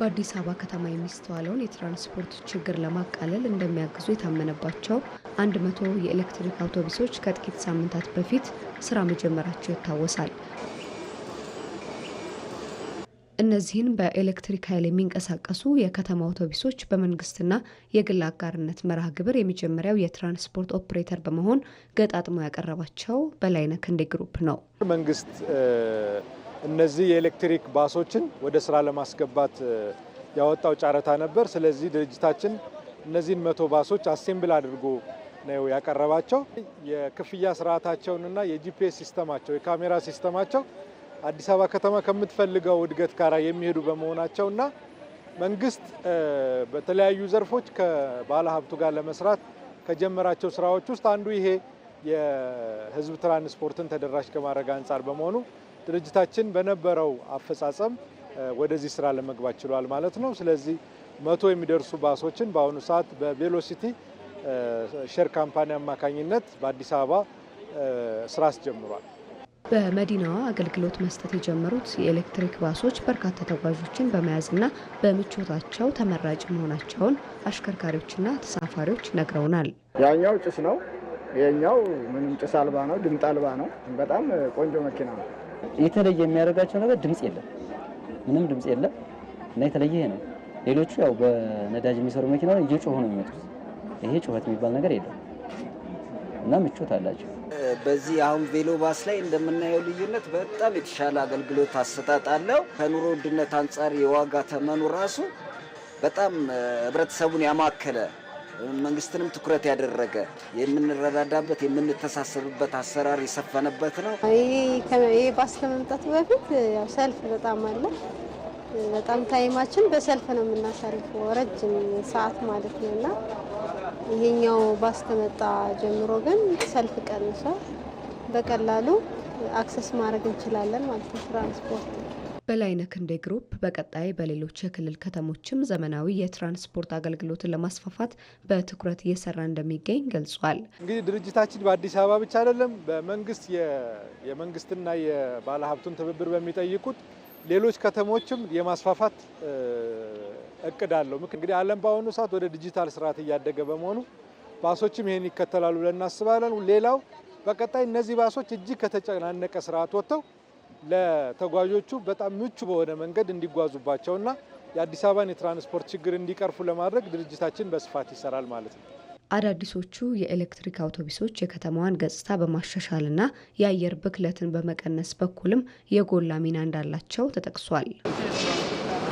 በአዲስ አበባ ከተማ የሚስተዋለውን የትራንስፖርት ችግር ለማቃለል እንደሚያግዙ የታመነባቸው አንድ መቶ የኤሌክትሪክ አውቶቡሶች ከጥቂት ሳምንታት በፊት ስራ መጀመራቸው ይታወሳል። እነዚህን በኤሌክትሪክ ኃይል የሚንቀሳቀሱ የከተማ አውቶቡሶች በመንግስትና የግል አጋርነት መርሃ ግብር የመጀመሪያው የትራንስፖርት ኦፕሬተር በመሆን ገጣጥሞ ያቀረባቸው በላይነህ ክንዴ ግሩፕ ነው። መንግስት እነዚህ የኤሌክትሪክ ባሶችን ወደ ስራ ለማስገባት ያወጣው ጨረታ ነበር። ስለዚህ ድርጅታችን እነዚህን መቶ ባሶች አሴምብል አድርጎ ነው ያቀረባቸው። የክፍያ ስርዓታቸውንና የጂፒኤስ ሲስተማቸው የካሜራ ሲስተማቸው አዲስ አበባ ከተማ ከምትፈልገው እድገት ጋር የሚሄዱ በመሆናቸው እና መንግስት በተለያዩ ዘርፎች ከባለ ሀብቱ ጋር ለመስራት ከጀመራቸው ስራዎች ውስጥ አንዱ ይሄ የህዝብ ትራንስፖርትን ተደራሽ ከማድረግ አንጻር በመሆኑ ድርጅታችን በነበረው አፈጻጸም ወደዚህ ስራ ለመግባት ችሏል ማለት ነው። ስለዚህ መቶ የሚደርሱ ባሶችን በአሁኑ ሰዓት በቬሎሲቲ ሼር ካምፓኒ አማካኝነት በአዲስ አበባ ስራ አስጀምሯል። በመዲናዋ አገልግሎት መስጠት የጀመሩት የኤሌክትሪክ ባሶች በርካታ ተጓዦችን በመያዝና በምቾታቸው ተመራጭ መሆናቸውን አሽከርካሪዎችና ተሳፋሪዎች ነግረውናል። ያኛው ጭስ ነው፣ ይህኛው ምንም ጭስ አልባ ነው፣ ድምጥ አልባ ነው። በጣም ቆንጆ መኪና ነው። የተለየ የሚያደርጋቸው ነገር ድምጽ የለም፣ ምንም ድምጽ የለም እና የተለየ ይሄ ነው። ሌሎቹ ያው በነዳጅ የሚሰሩ መኪና እየጮሁ ነው የሚመጡት። ይሄ ጩኸት የሚባል ነገር የለም እና ምቾት አላቸው። በዚህ አሁን ቬሎ ባስ ላይ እንደምናየው ልዩነት በጣም የተሻለ አገልግሎት አሰጣጥ አለው። ከኑሮ ውድነት አንጻር የዋጋ ተመኑ ራሱ በጣም ህብረተሰቡን ያማከለ መንግስትንም ትኩረት ያደረገ የምንረዳዳበት የምንተሳሰብበት አሰራር የሰፈነበት ነው። ይህ ባስ ከመምጣቱ በፊት ያው ሰልፍ በጣም አለ። በጣም ታይማችን በሰልፍ ነው የምናሳልፈው ረጅም ሰዓት ማለት ነው እና ይሄኛው ባስ ከመጣ ጀምሮ ግን ሰልፍ ቀንሷል። በቀላሉ አክሰስ ማድረግ እንችላለን ማለት ነው ትራንስፖርት በላይነህ እንደ ግሩፕ በቀጣይ በሌሎች የክልል ከተሞችም ዘመናዊ የትራንስፖርት አገልግሎትን ለማስፋፋት በትኩረት እየሰራ እንደሚገኝ ገልጿል። እንግዲህ ድርጅታችን በአዲስ አበባ ብቻ አይደለም፣ በመንግስት የመንግስትና የባለሀብቱን ትብብር በሚጠይቁት ሌሎች ከተሞችም የማስፋፋት እቅድ አለው። እንግዲህ ዓለም በአሁኑ ሰዓት ወደ ዲጂታል ስርዓት እያደገ በመሆኑ ባሶችም ይህን ይከተላሉ ብለን እናስባለን። ሌላው በቀጣይ እነዚህ ባሶች እጅግ ከተጨናነቀ ስርዓት ወጥተው ለተጓዦቹ በጣም ምቹ በሆነ መንገድ እንዲጓዙባቸውና የአዲስ አበባን የትራንስፖርት ችግር እንዲቀርፉ ለማድረግ ድርጅታችን በስፋት ይሰራል ማለት ነው። አዳዲሶቹ የኤሌክትሪክ አውቶቡሶች የከተማዋን ገጽታ በማሻሻልና የአየር ብክለትን በመቀነስ በኩልም የጎላ ሚና እንዳላቸው ተጠቅሷል።